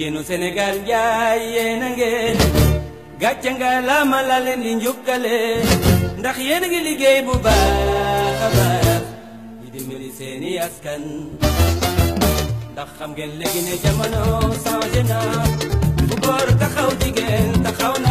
jigéenu Sénégal jaay yéen a ngeen gàcce nga laama la leen di njukkale ndax yéen a ngi liggéey bu baax baax di dimbali seeni askan ndax xam ngeen léegi ne jamono changé na taxaw jigéen taxaw na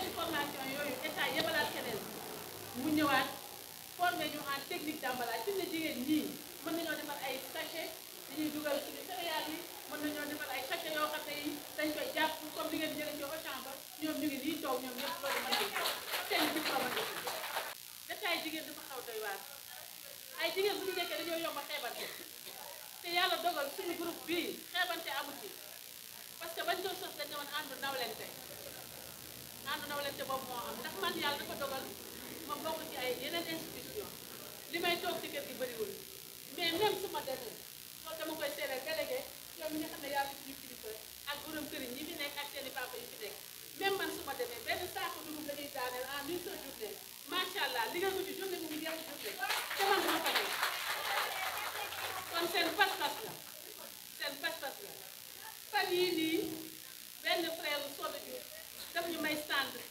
formation yooyu état yebalaat keneen mu ñëwaat formé ñu en technique d'emballage suñu jigéen ñii mën nañoo defar ay sachet dañuy dugal suñu céréales yi mën nañoo defar ay sachet yoo xam ne yi dañ koy jàpp comme li ngeen jëlee ci Auchan ba ñoom ñu ngi nii toog ñoom ñëpp loolu mën nañ ko seen diplôme la détail jigéen dafa xaw doy waar ay jigéen bu ñu nekkee xeebal te yàlla dogal suñu groupe projet man yàlla li may toog ci kër gi bëriwul mais même su ma demee su ma demee benn saako dugub la ñuy daaneel en une seule journée macha allah li nga ko ci te man dama ko kon seen pas-pas la seen pas-pas la fan yii nii benn frère Soda Diouf daf ñu may stand.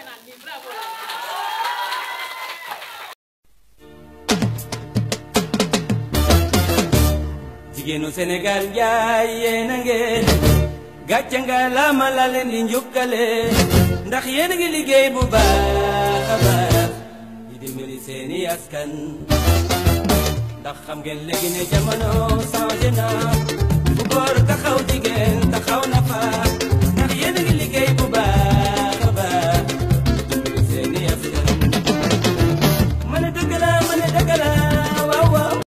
jigéenu Sénégal njaay yéen a ngeen gàcce nga laama la leen di njukkale ndax yéen a ngi liggéey bu baax a baax di dimbali seeni askan ndax xam ngeen léegi ne jamono na